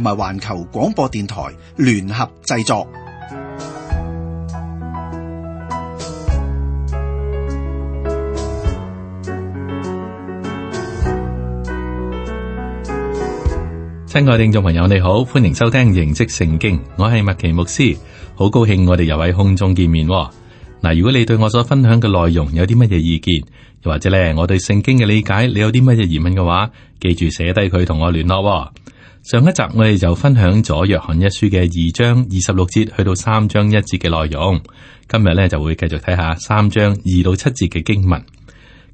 同埋環球廣播電台聯合製作。親愛嘅聽眾朋友，你好，歡迎收聽《形跡聖經》，我係麥奇牧師，好高興我哋又喺空中見面。嗱，如果你對我所分享嘅內容有啲乜嘢意見，又或者咧我對聖經嘅理解，你有啲乜嘢疑問嘅話，記住寫低佢同我聯絡。上一集我哋就分享咗約翰一書嘅二章二十六節去到三章一節嘅內容，今日咧就會繼續睇下三章二到七節嘅經文。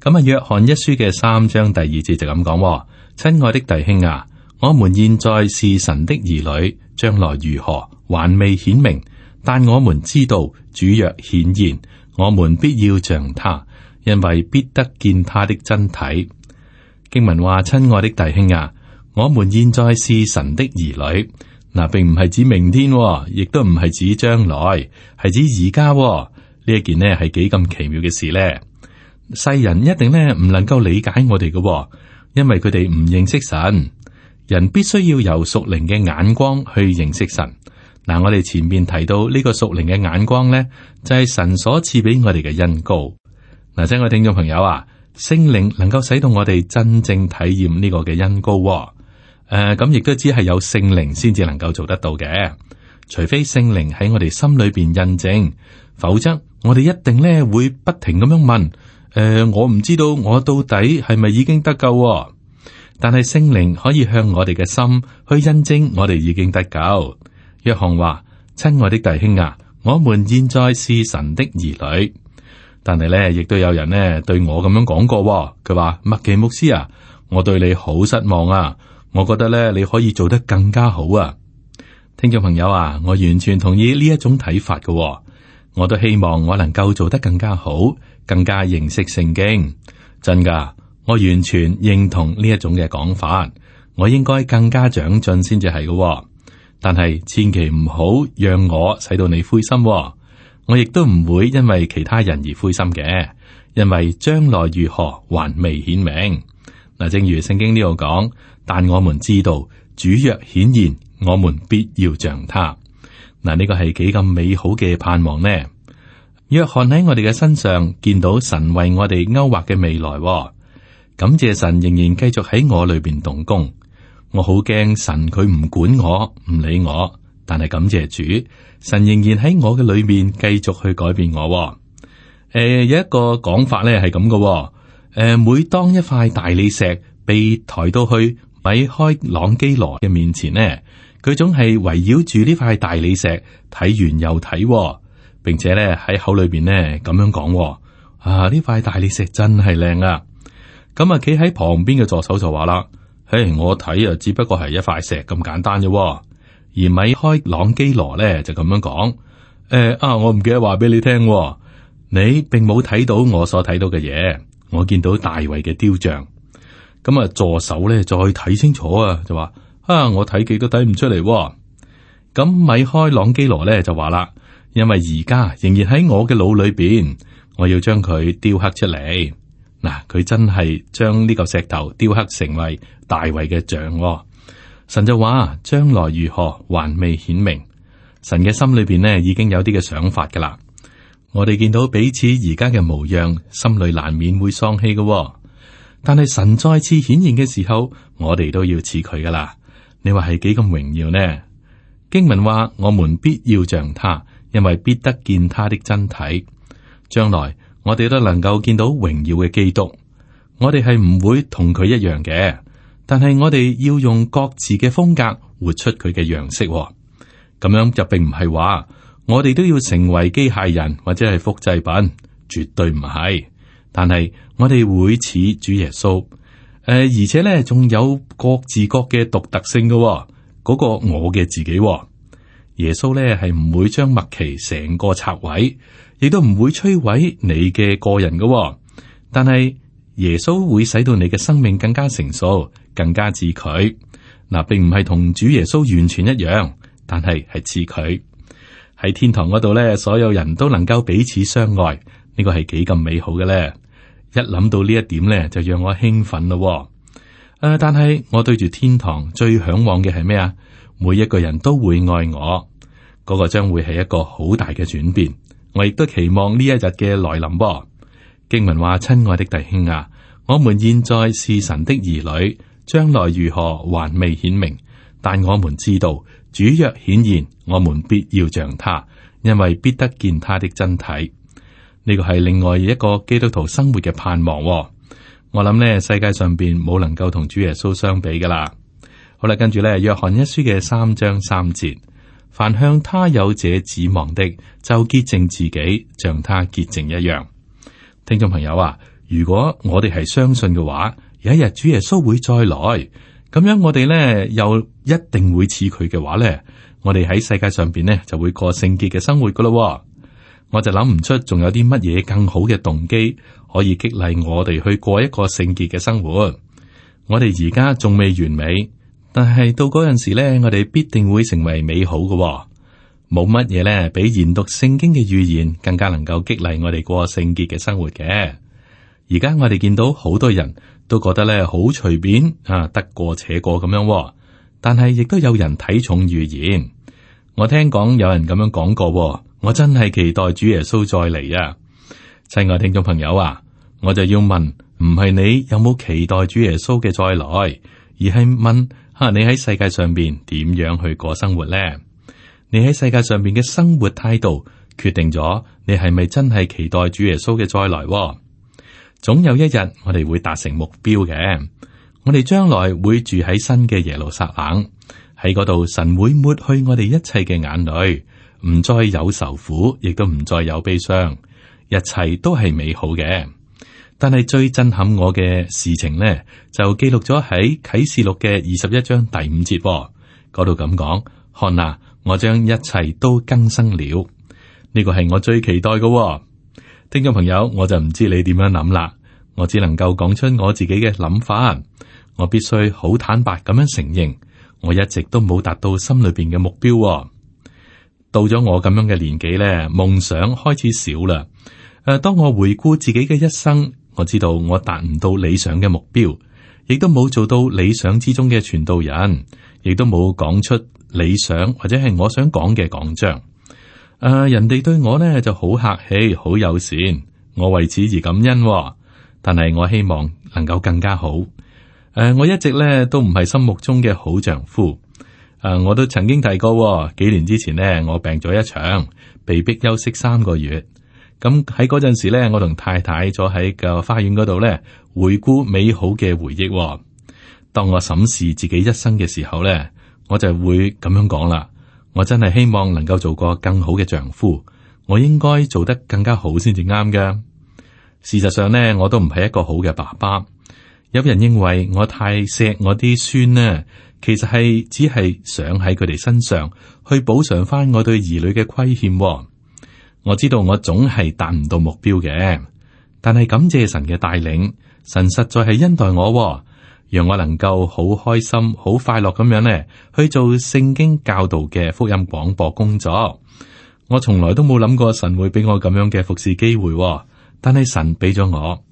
咁啊，約翰一書嘅三章第二節就咁講：親愛的弟兄啊，我們現在是神的兒女，將來如何？還未顯明，但我們知道主若顯現，我們必要像他，因為必得見他的真體。經文話：親愛的弟兄啊。我們現在是神的兒女，嗱，並唔係指明天，亦都唔係指將來，係指而家呢一件咧係幾咁奇妙嘅事呢？世人一定咧唔能夠理解我哋嘅，因為佢哋唔認識神。人必須要由屬靈嘅眼光去認識神。嗱、嗯，我哋前面提到呢個屬靈嘅眼光呢，就係、是、神所賜俾我哋嘅恩膏。嗱、嗯，親愛的聽眾朋友啊，聖靈能夠使到我哋真正體驗呢個嘅恩膏。誒，咁亦都只係有聖靈先至能夠做得到嘅，除非聖靈喺我哋心裏邊印證，否則我哋一定咧會不停咁樣問。誒、呃，我唔知道我到底係咪已經得救，但係聖靈可以向我哋嘅心去印證，我哋已經得救。約翰話：親愛的弟兄啊，我們現在是神的兒女，但係咧，亦都有人咧對我咁樣講過、哦。佢話：麥奇牧師啊，我對你好失望啊。我覺得咧，你可以做得更加好啊，聽眾朋友啊，我完全同意呢一種睇法㗎喎。我都希望我能夠做得更加好，更加認識聖經。真㗎，我完全認同呢一種嘅講法。我應該更加長進先至係嘅，但係千祈唔好讓我使到你灰心喎。我亦都唔會因為其他人而灰心嘅，因為將來如何還未顯明。嗱，正如聖經呢度講。但我們知道主若顯現，我們必要像他。嗱，呢個係幾咁美好嘅盼望呢？約翰喺我哋嘅身上見到神為我哋勾畫嘅未來，感謝神仍然繼續喺我裏邊動工。我好驚神佢唔管我，唔理我，但係感謝主，神仍然喺我嘅裏面繼續去改變我。誒、呃，有一個講法咧係咁嘅，誒、呃，每當一塊大理石被抬到去。米開朗基羅嘅面前呢，佢總係圍繞住呢塊大理石睇完又睇、哦，並且呢喺口裏邊呢咁樣講、哦，啊呢塊大理石真係靚啊！咁、嗯、啊，企喺旁邊嘅助手就話啦，嘿，我睇啊，只不過係一塊石咁簡單啫、哦。而米開朗基羅呢就咁樣講，誒、呃、啊，我唔記得話俾你聽、哦，你並冇睇到我所睇到嘅嘢，我見到大衛嘅雕像。咁啊，助手咧再睇清楚啊，就話：啊，我睇佢都睇唔出嚟、啊。咁、啊、米開朗基羅咧就話啦，因為而家仍然喺我嘅腦裏邊，我要將佢雕刻出嚟。嗱、啊，佢真係將呢個石頭雕刻成為大衛嘅像。神就話：將來如何，還未顯明。神嘅心裏邊咧已經有啲嘅想法噶啦。我哋見到彼此而家嘅模樣，心裏難免會喪氣嘅。但係神再次顯現嘅時候，我哋都要似佢噶啦。你話係幾咁榮耀呢？經文話我們必要像他，因為必得見他的真體。將來我哋都能夠見到榮耀嘅基督。我哋係唔會同佢一樣嘅，但係我哋要用各自嘅風格活出佢嘅樣式。咁樣就並唔係話我哋都要成為機械人或者係複製品，絕對唔係。但係我哋會似主耶穌誒、呃，而且咧仲有各自各嘅獨特性噶、哦。嗰、那個我嘅自己、哦，耶穌咧係唔會將麥奇成個拆毀，亦都唔會摧毀你嘅個人噶、哦。但係耶穌會使到你嘅生命更加成熟，更加似佢嗱，並唔係同主耶穌完全一樣，但係係似佢喺天堂嗰度咧，所有人都能夠彼此相愛，呢、這個係幾咁美好嘅咧。一諗到呢一點呢，就讓我興奮咯、喎。誒、啊，但係我對住天堂最向往嘅係咩啊？每一個人都會愛我，嗰、那個將會係一個好大嘅轉變。我亦都期望呢一日嘅來臨、喎。經文話：親愛的弟兄啊，我們現在是神的兒女，將來如何還未顯明，但我們知道主若顯現，我們必要像他，因為必得見他的真體。呢個係另外一個基督徒生活嘅盼望、哦，我諗呢，世界上邊冇能夠同主耶穌相比噶啦。好啦，跟住咧，約翰一書嘅三章三節，凡向他有這指望的，就潔淨自己，像他潔淨一樣。聽眾朋友啊，如果我哋係相信嘅話，有一日主耶穌會再來，咁樣我哋呢，又一定會似佢嘅話呢，我哋喺世界上邊呢，就會過聖潔嘅生活噶啦、哦。我就諗唔出仲有啲乜嘢更好嘅動機可以激勵我哋去過一個聖潔嘅生活。我哋而家仲未完美，但係到嗰陣時呢，我哋必定會成為美好嘅喎。冇乜嘢呢，比研讀聖經嘅預言更加能夠激勵我哋過聖潔嘅生活嘅。而家我哋見到好多人都覺得呢好隨便啊，得過且過咁樣喎。但係亦都有人睇重預言。我聽講有人咁樣講過喎。我真係期待主耶穌再嚟啊！親愛聽眾朋友啊，我就要問，唔係你有冇期待主耶穌嘅再來，而係問吓你喺世界上邊點樣去過生活咧？你喺世界上邊嘅生活態度，決定咗你係咪真係期待主耶穌嘅再來啊？總有一日，我哋會達成目標嘅。我哋將來會住喺新嘅耶路撒冷，喺嗰度，神會抹去我哋一切嘅眼淚。唔再有愁苦，亦都唔再有悲傷，一切都係美好嘅。但係最震撼我嘅事情呢，就記錄咗喺啟示錄嘅二十一章第五節嗰度咁講。看啊，我將一切都更新了，呢、這個係我最期待嘅、哦。聽眾朋友，我就唔知你點樣諗啦。我只能夠講出我自己嘅諗法。我必須好坦白咁樣承認，我一直都冇達到心裏邊嘅目標、哦。到咗我咁樣嘅年紀咧，夢想開始少啦。誒、啊，當我回顧自己嘅一生，我知道我達唔到理想嘅目標，亦都冇做到理想之中嘅傳道人，亦都冇講出理想或者係我想講嘅講章。誒、啊，人哋對我咧就好客氣，好友善，我為此而感恩、哦。但係我希望能夠更加好。誒、啊，我一直咧都唔係心目中嘅好丈夫。誒，我都曾經提過，幾年之前呢，我病咗一場，被逼休息三個月。咁喺嗰陣時呢，我同太太坐喺個花園嗰度呢，回顧美好嘅回憶。當我審視自己一生嘅時候呢，我就會咁樣講啦。我真係希望能夠做個更好嘅丈夫，我應該做得更加好先至啱㗎。事實上呢，我都唔係一個好嘅爸爸。有人認為我太錫我啲孫呢。其實係只係想喺佢哋身上去補償翻我對兒女嘅虧欠、哦。我知道我總係達唔到目標嘅，但係感謝神嘅帶領，神實在係恩待我、哦，讓我能夠好開心、好快樂咁樣呢去做聖經教導嘅福音廣播工作。我從來都冇諗過神會俾我咁樣嘅服侍機會、哦，但係神俾咗我，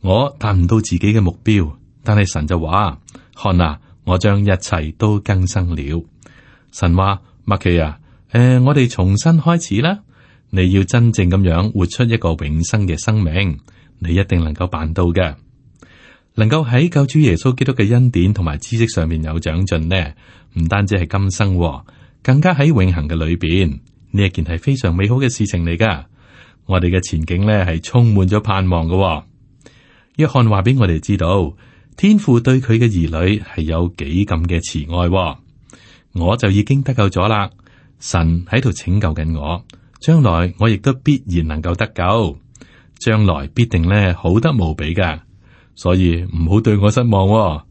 我達唔到自己嘅目標，但係神就話：「看啊！我將一切都更新了。神話麥奇啊，誒、呃，我哋重新開始啦。你要真正咁樣活出一個永生嘅生命，你一定能夠辦到嘅。能夠喺救主耶穌基督嘅恩典同埋知識上面有長進呢，唔單止係今生、哦，更加喺永恆嘅裏邊，呢一件係非常美好嘅事情嚟噶。我哋嘅前景呢，係充滿咗盼望嘅、哦。約翰話俾我哋知道。天父對佢嘅兒女係有幾咁嘅慈愛、哦，我就已經得救咗啦。神喺度拯救緊我，將來我亦都必然能夠得救，將來必定咧好得無比噶。所以唔好對我失望、哦，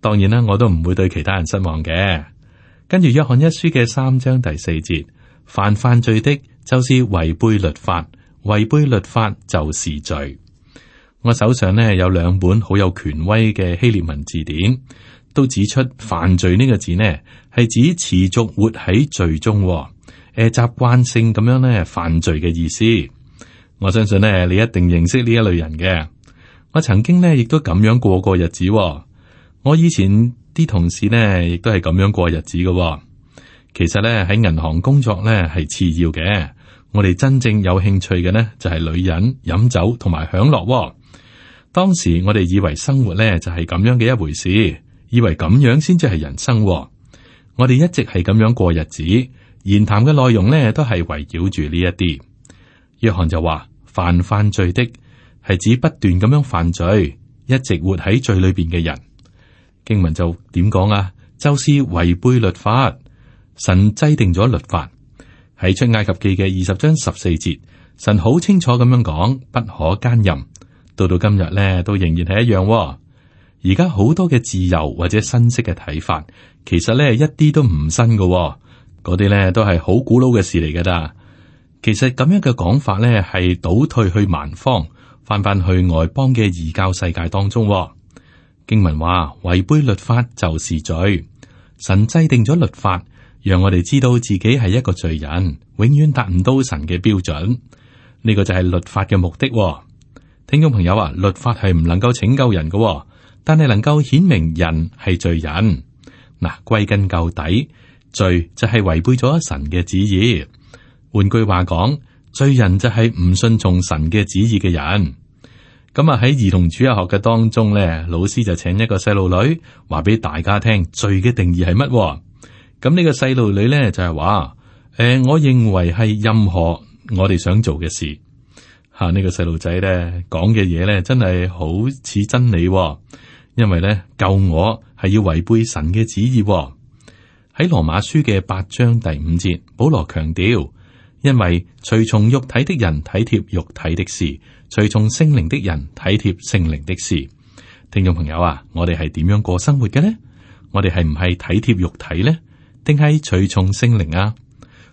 當然啦，我都唔會對其他人失望嘅。跟住約翰一書嘅三章第四節，凡犯罪的就是違背律法，違背律法就是罪。我手上咧有兩本好有權威嘅希臘文字典，都指出犯罪呢個字呢係指持續活喺罪中、哦，誒習慣性咁樣咧犯罪嘅意思。我相信咧你一定認識呢一類人嘅。我曾經咧亦都咁樣過過日子、哦，我以前啲同事呢亦都係咁樣過日子嘅、哦。其實咧喺銀行工作咧係次要嘅，我哋真正有興趣嘅呢，就係、是、女人、飲酒同埋享樂、哦。當時我哋以為生活咧就係咁樣嘅一回事，以為咁樣先至係人生啊。我哋一直係咁樣過日子，言談嘅內容呢都係圍繞住呢一啲。約翰就話犯犯罪的係指不斷咁樣犯罪，一直活喺罪裏邊嘅人。經文就點講啊？就是違背律法，神制定咗律法，喺出埃及記嘅二十章十四節，神好清楚咁樣講，不可姦淫。到到今日咧，都仍然係一樣喎。而家好多嘅自由或者新式嘅睇法，其實咧一啲都唔新嘅喎。嗰啲咧都係好古老嘅事嚟噶咋，其實咁樣嘅講法咧，係倒退去蠻荒，翻翻去外邦嘅異教世界當中喎。經文話，違背律法就是罪。神制定咗律法，讓我哋知道自己係一個罪人，永遠達唔到神嘅標準。呢個就係律法嘅目的喎。聽眾朋友啊，律法係唔能夠拯救人嘅，哦，但係能夠顯明人係罪人。嗱、啊，歸根究底，罪就係違背咗神嘅旨意。換句話講，罪人就係唔信從神嘅旨意嘅人。咁啊喺兒童主日學嘅當中咧，老師就請一個細路女話俾大家聽：罪嘅定義係乜？咁呢個細路女咧就係話：誒、呃，我認為係任何我哋想做嘅事。啊！這個、呢個細路仔咧講嘅嘢咧，真係好似真理、哦，因為咧救我係要違背神嘅旨意、哦。喺羅馬書嘅八章第五節，保羅強調，因為隨從肉體的人體貼肉體的事，隨從聖靈的人體貼聖靈的事。聽眾朋友啊，我哋係點樣過生活嘅呢？我哋係唔係體貼肉體呢？定係隨從聖靈啊？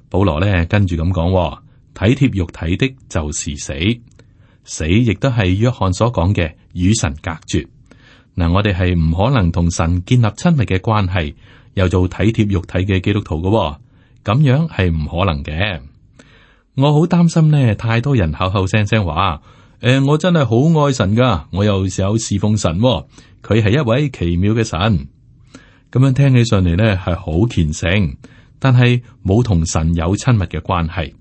保羅咧跟住咁講。體貼肉體的，就是死，死亦都係約翰所講嘅與神隔絕。嗱，我哋係唔可能同神建立親密嘅關係，又做體貼肉體嘅基督徒嘅、哦，咁樣係唔可能嘅。我好擔心呢，太多人口口聲聲話，誒、呃，我真係好愛神噶，我又有侍奉神、哦，佢係一位奇妙嘅神。咁樣聽起上嚟呢，係好虔誠，但係冇同神有親密嘅關係。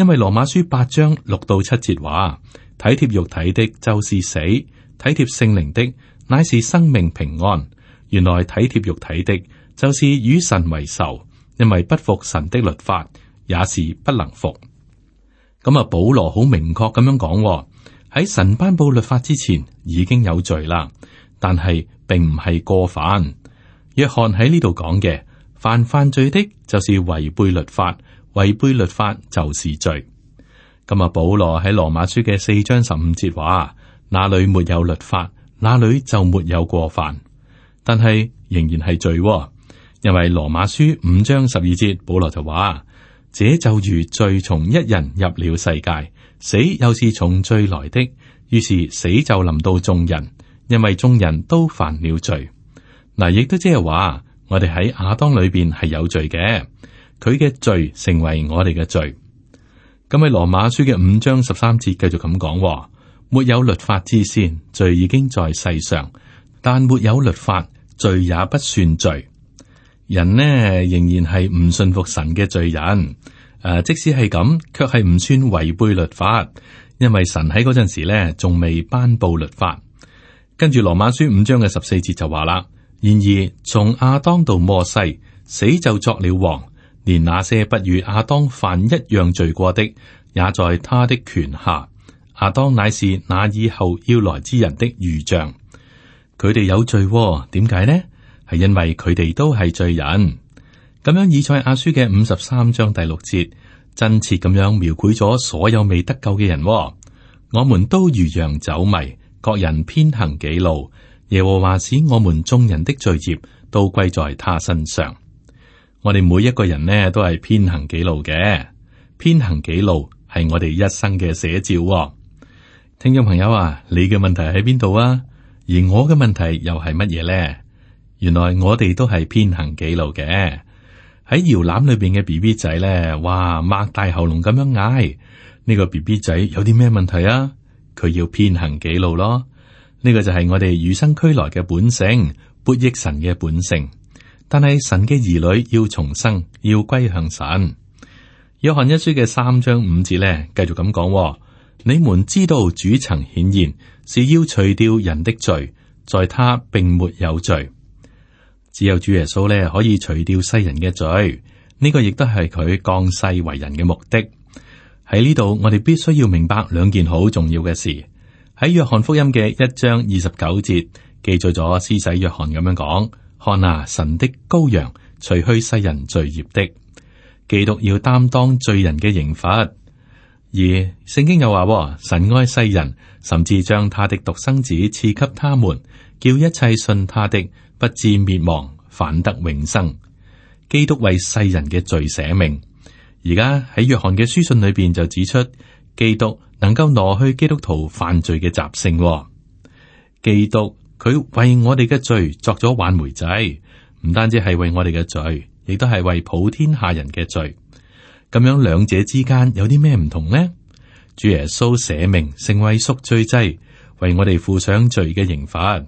因為羅馬書八章六到七節話，體貼肉體的就是死，體貼聖靈的乃是生命平安。原來體貼肉體的，就是與神為仇，因為不服神的律法，也是不能服。咁啊，保羅好明確咁樣講喎，喺神頒布律法之前已經有罪啦，但係並唔係過犯。約翰喺呢度講嘅，犯犯罪的，就是違背律法。違背律法就是罪。今日保羅喺羅馬書嘅四章十五節話，哪裏沒有律法，哪裏就沒有過犯。但係仍然係罪，哦，因為羅馬書五章十二節保羅就話，這就如罪從一人入了世界，死又是從罪來的，於是死就臨到眾人，因為眾人都犯了罪。嗱，亦都即係話，我哋喺亞當裏邊係有罪嘅。佢嘅罪成為我哋嘅罪。咁喺羅馬書嘅五章十三節，繼續咁講話，沒有律法之先，罪已經在世上，但沒有律法，罪也不算罪。人呢仍然係唔信服神嘅罪人。誒、啊，即使係咁，卻係唔算違背律法，因為神喺嗰陣時呢，仲未頒佈律法。跟住羅馬書五章嘅十四節就話啦，然而從亞當到摩西，死就作了王。連那些不與亞當犯一樣罪過的，也在他的權下。亞當乃是那以後要來之人的預像。佢哋有罪、哦，點解呢？係因為佢哋都係罪人。咁樣以賽亞書嘅五十三章第六節，真切咁樣描繪咗所有未得救嘅人、哦。我們都如羊走迷，各人偏行己路。耶和華使我們眾人的罪孽都歸在他身上。我哋每一個人呢，都係偏行己路嘅，偏行己路係我哋一生嘅寫照、哦。聽眾朋友啊，你嘅問題喺邊度啊？而我嘅問題又係乜嘢咧？原來我哋都係偏行己路嘅。喺搖籃裏邊嘅 B B 仔咧，哇，擘大喉嚨咁樣嗌。呢、這個 B B 仔有啲咩問題啊？佢要偏行己路咯？呢、這個就係我哋與生俱來嘅本性，悖逆神嘅本性。但係神嘅兒女要重生，要歸向神。約翰一書嘅三章五節咧，繼續咁講、哦：，你們知道主曾顯現，是要除掉人的罪，在他並沒有罪。只有主耶穌咧可以除掉世人嘅罪，呢、這個亦都係佢降世為人嘅目的。喺呢度，我哋必須要明白兩件好重要嘅事。喺約翰福音嘅一章二十九節，記載咗施洗約翰咁樣講。看啊，神的羔羊除去世人罪孽的。基督要擔當罪人嘅刑罰，而聖經又話神愛世人，甚至將他的獨生子賜給他們，叫一切信他的不至滅亡，反得永生。基督為世人嘅罪捨命。而家喺約翰嘅書信裏邊就指出，基督能夠挪去基督徒犯罪嘅習性。基督。佢為我哋嘅罪作咗挽回祭，唔單止係為我哋嘅罪，亦都係為普天下人嘅罪。咁樣兩者之間有啲咩唔同呢？主耶穌捨命成為贖罪祭，為我哋負上罪嘅刑法。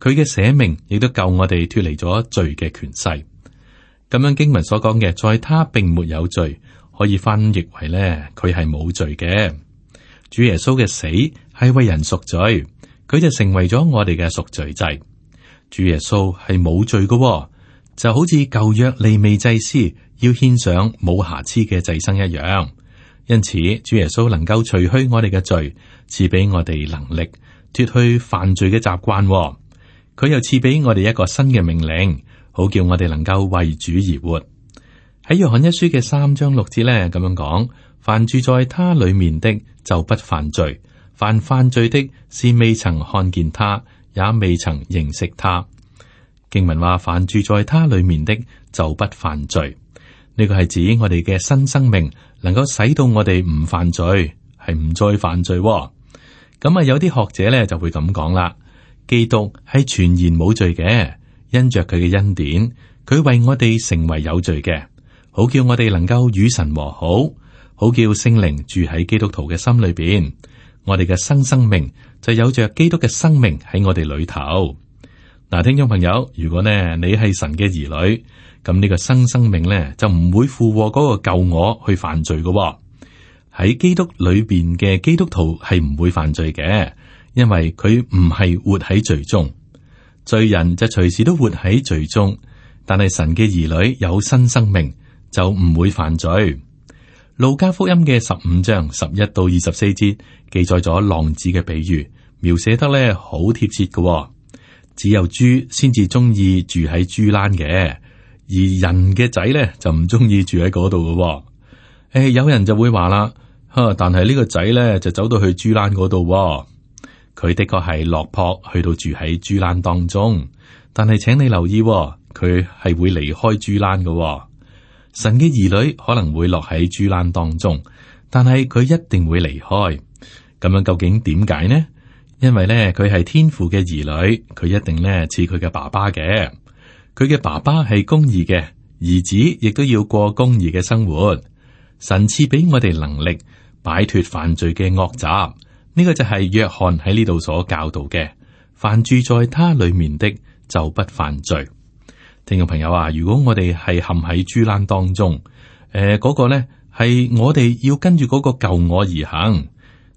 佢嘅捨命亦都救我哋脫離咗罪嘅權勢。咁樣經文所講嘅在他並沒有罪，可以翻譯為呢，佢係冇罪嘅。主耶穌嘅死係為人贖罪。佢就成為咗我哋嘅贖罪祭，主耶穌係冇罪嘅、哦，就好似舊約利未祭司要獻上冇瑕疵嘅祭牲一樣。因此，主耶穌能夠除去我哋嘅罪，賜俾我哋能力脫去犯罪嘅習慣、哦。佢又賜俾我哋一個新嘅命令，好叫我哋能夠為主而活。喺約翰一書嘅三章六節咧，咁樣講：「凡住在他裏面的，就不犯罪。犯犯罪的是未曾看見他，也未曾認識他。經文話：凡住在他裏面的就不犯罪。呢個係指我哋嘅新生命，能夠使到我哋唔犯罪，係唔再犯罪、哦。咁啊，有啲學者咧就會咁講啦。基督係全然冇罪嘅，因着佢嘅恩典，佢為我哋成為有罪嘅，好叫我哋能夠與神和好，好叫聖靈住喺基督徒嘅心裏邊。我哋嘅新生命就有着基督嘅生命喺我哋裏頭。嗱，聽眾朋友，如果呢你係神嘅兒女，咁呢個新生，生命呢就唔會附和嗰個救我去犯罪嘅、哦。喺基督裏邊嘅基督徒係唔會犯罪嘅，因為佢唔係活喺罪中。罪人就隨時都活喺罪中，但係神嘅兒女有新生，生命就唔會犯罪。路加福音嘅十五章十一到二十四節記載咗浪子嘅比喻，描寫得咧好貼切嘅、哦。只有豬先至中意住喺豬欄嘅，而人嘅仔咧就唔中意住喺嗰度嘅。誒、哎，有人就會話啦，吓，但係呢個仔咧就走到去豬欄嗰度，佢的確係落魄，去到住喺豬欄當中。但係，請你留意、哦，佢係會離開豬欄嘅。神嘅兒女可能會落喺豬欄當中，但係佢一定會離開。咁樣究竟點解呢？因為呢佢係天父嘅兒女，佢一定呢似佢嘅爸爸嘅。佢嘅爸爸係公義嘅，兒子亦都要過公義嘅生活。神賜俾我哋能力擺脫犯罪嘅惡習，呢個就係約翰喺呢度所教導嘅。凡住在他裏面的，就不犯罪。聽眾朋友啊，如果我哋係陷喺豬欄當中，誒、呃，嗰、那個呢係我哋要跟住嗰個舊我而行。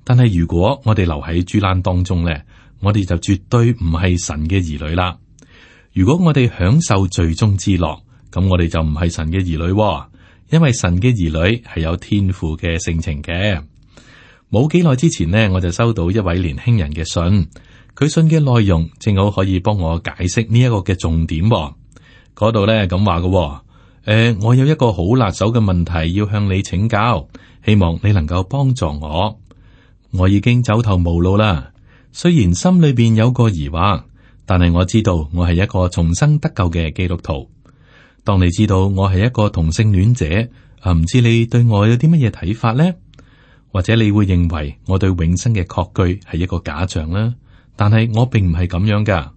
但係如果我哋留喺豬欄當中呢，我哋就絕對唔係神嘅兒女啦。如果我哋享受罪中之樂，咁我哋就唔係神嘅兒女，因為神嘅兒女係有天賦嘅性情嘅。冇幾耐之前呢，我就收到一位年輕人嘅信，佢信嘅內容正好可以幫我解釋呢一個嘅重點。嗰度咧咁話嘅，誒、欸，我有一個好辣手嘅問題要向你請教，希望你能夠幫助我。我已經走投無路啦，雖然心裏邊有個疑惑，但係我知道我係一個重生得救嘅基督徒。當你知道我係一個同性戀者，啊、唔知你對我有啲乜嘢睇法呢？或者你會認為我對永生嘅確據係一個假象啦？但係我並唔係咁樣噶，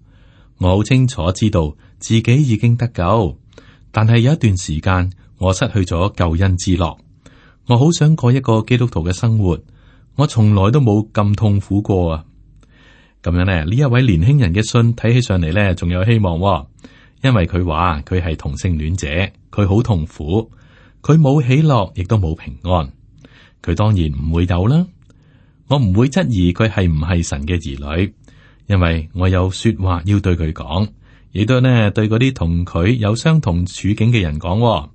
我好清楚知道。自己已經得救，但係有一段時間我失去咗救恩之樂。我好想過一個基督徒嘅生活，我從來都冇咁痛苦過啊！咁樣呢，呢一位年輕人嘅信睇起上嚟呢，仲有希望喎，因為佢話佢係同性戀者，佢好痛苦，佢冇喜樂，亦都冇平安。佢當然唔會有啦。我唔會質疑佢係唔係神嘅兒女，因為我有說話要對佢講。亦都咧對嗰啲同佢有相同處境嘅人講，哦，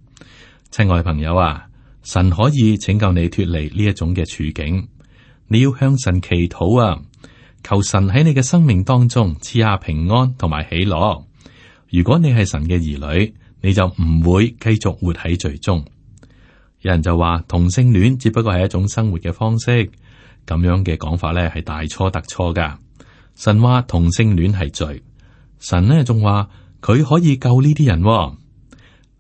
親愛朋友啊，神可以拯救你脫離呢一種嘅處境。你要向神祈禱啊，求神喺你嘅生命當中賜下平安同埋喜樂。如果你係神嘅兒女，你就唔會繼續活喺罪中。有人就話同性戀只不過係一種生活嘅方式，咁樣嘅講法咧係大錯特錯噶。神話同性戀係罪。神呢仲話佢可以救呢啲人，喎，人，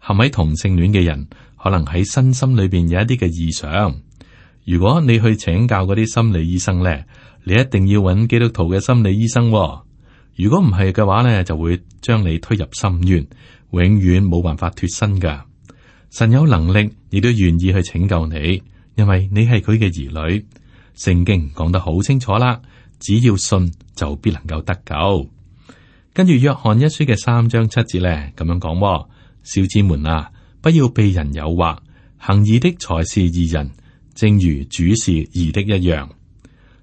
係咪同性戀嘅人可能喺身心裏邊有一啲嘅異常？如果你去請教嗰啲心理醫生咧，你一定要揾基督徒嘅心理醫生喎。如果唔係嘅話咧，就會將你推入深淵，永遠冇辦法脫身噶。神有能力，亦都願意去拯救你，因為你係佢嘅兒女。聖經講得好清楚啦，只要信就必能夠得救。跟住約翰一書嘅三章七節咧，咁樣講、哦：小子們啊，不要被人誘惑，行義的才是義人，正如主是義的一樣。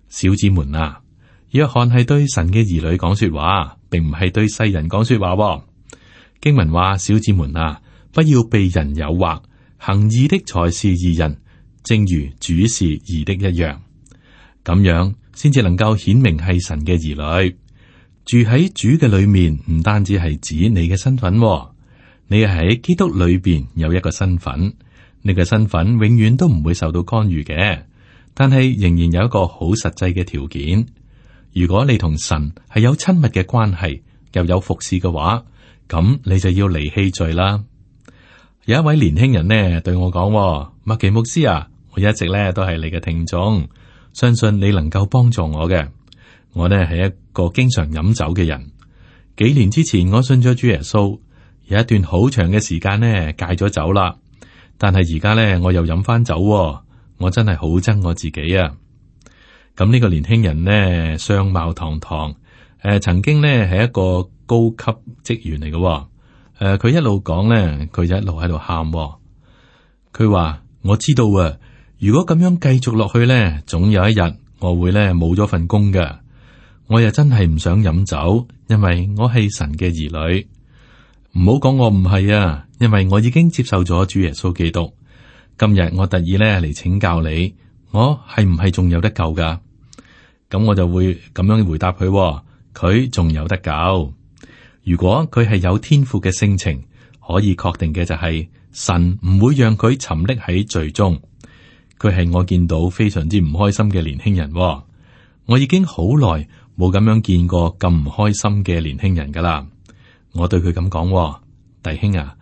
小子們啊，約翰係對神嘅兒女講說話，並唔係對世人講說話、哦。經文話：小子們啊，不要被人誘惑，行義的才是義人，正如主是義的一樣。咁樣先至能夠顯明係神嘅兒女。住喺主嘅裏面，唔單止係指你嘅身份、哦，你喺基督裏邊有一個身份，你、這、嘅、個、身份永遠都唔會受到干預嘅。但係仍然有一個好實際嘅條件，如果你同神係有親密嘅關係，又有服侍嘅話，咁你就要離棄罪啦。有一位年輕人呢，對我講、哦：麥奇牧師啊，我一直呢都係你嘅聽眾，相信你能夠幫助我嘅。我呢係一個經常飲酒嘅人。幾年之前，我信咗主耶穌，有一段好長嘅時間呢戒咗酒啦。但係而家呢，我又飲翻酒、哦，我真係好憎我自己啊！咁呢個年輕人呢，相貌堂堂，誒、呃，曾經呢係一個高級職員嚟嘅、哦。誒、呃，佢一路講呢，佢就一路喺度喊。佢話我知道啊，如果咁樣繼續落去呢，總有一日我會呢冇咗份工㗎。我又真係唔想飲酒，因為我係神嘅兒女，唔好講我唔係啊，因為我已經接受咗主耶穌基督。今日我特意呢嚟請教你，我係唔係仲有得救㗎？咁我就會咁樣回答佢喎，佢仲有得救。如果佢係有天賦嘅性情，可以確定嘅就係，神唔會讓佢沉溺喺罪中。佢係我見到非常之唔開心嘅年輕人喎，我已經好耐。冇咁樣見過咁唔開心嘅年輕人噶啦。我對佢咁講，弟兄啊，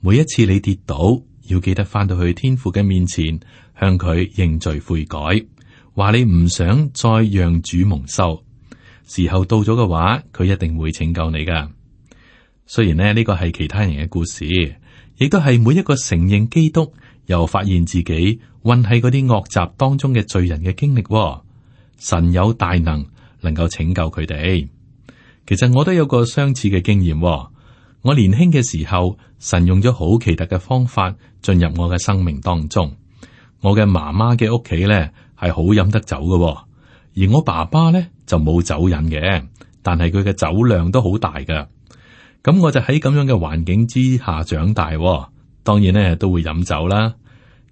每一次你跌倒，要記得翻到去天父嘅面前，向佢認罪悔改，話你唔想再讓主蒙羞，時候到咗嘅話，佢一定會拯救你噶。雖然呢，呢個係其他人嘅故事，亦都係每一個承認基督又發現自己混喺嗰啲惡習當中嘅罪人嘅經歷喎。神有大能。能夠拯救佢哋。其實我都有個相似嘅經驗、哦。我年輕嘅時候，神用咗好奇特嘅方法進入我嘅生命當中。我嘅媽媽嘅屋企咧係好飲得酒嘅、哦，而我爸爸咧就冇酒癮嘅，但係佢嘅酒量都好大噶。咁我就喺咁樣嘅環境之下長大、哦，當然咧都會飲酒啦。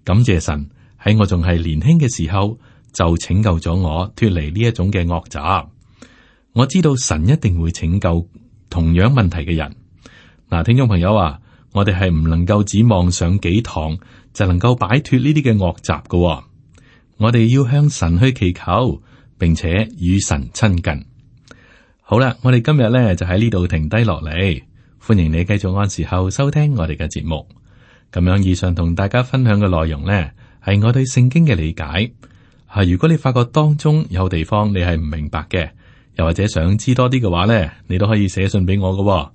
感謝神，喺我仲係年輕嘅時候，就拯救咗我脫離呢一種嘅惡習。我知道神一定會拯救同樣問題嘅人。嗱，聽眾朋友啊，我哋係唔能夠指望上幾堂就能夠擺脫呢啲嘅惡習噶、哦。我哋要向神去祈求，並且與神親近。好啦，我哋今日咧就喺呢度停低落嚟。歡迎你繼續按時候收聽我哋嘅節目。咁樣以上同大家分享嘅內容咧，係我對聖經嘅理解。啊！如果你發覺當中有地方你係唔明白嘅，又或者想知多啲嘅話呢，你都可以寫信俾我嘅、哦，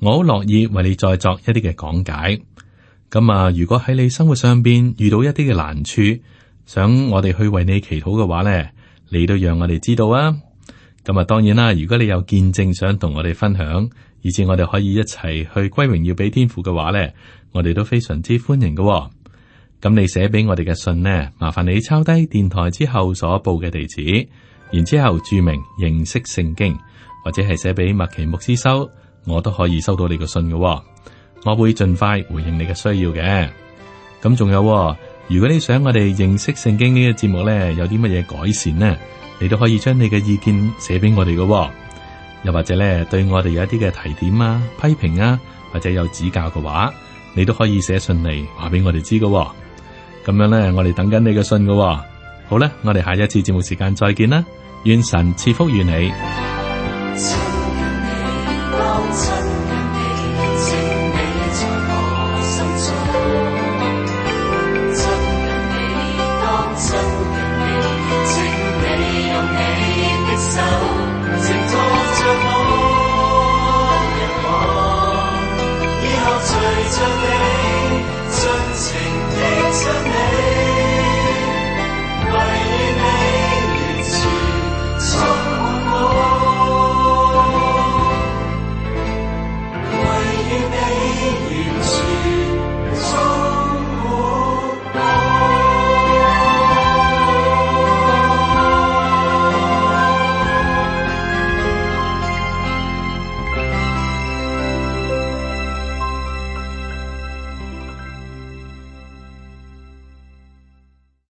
我好樂意為你再作一啲嘅講解。咁、嗯、啊，如果喺你生活上邊遇到一啲嘅難處，想我哋去為你祈禱嘅話呢，你都讓我哋知道啊。咁、嗯、啊，當然啦，如果你有見證想同我哋分享，以至我哋可以一齊去歸榮耀俾天父嘅話呢，我哋都非常之歡迎嘅、哦。咁你寫俾我哋嘅信呢，麻煩你抄低電台之後所報嘅地址，然之後註明認識聖經，或者係寫俾麥奇牧師收，我都可以收到你個信㗎喎。我會盡快回應你嘅需要嘅。咁仲有喎，如果你想我哋認識聖經呢個節目呢，有啲乜嘢改善呢？你都可以將你嘅意見寫俾我哋㗎喎，又或者咧對我哋有一啲嘅提點啊、批評啊，或者有指教嘅話，你都可以寫信嚟話俾我哋知嘅。咁樣咧，我哋等緊你嘅信㗎喎。好啦，我哋下一次節目時間再見啦，願神賜福於你。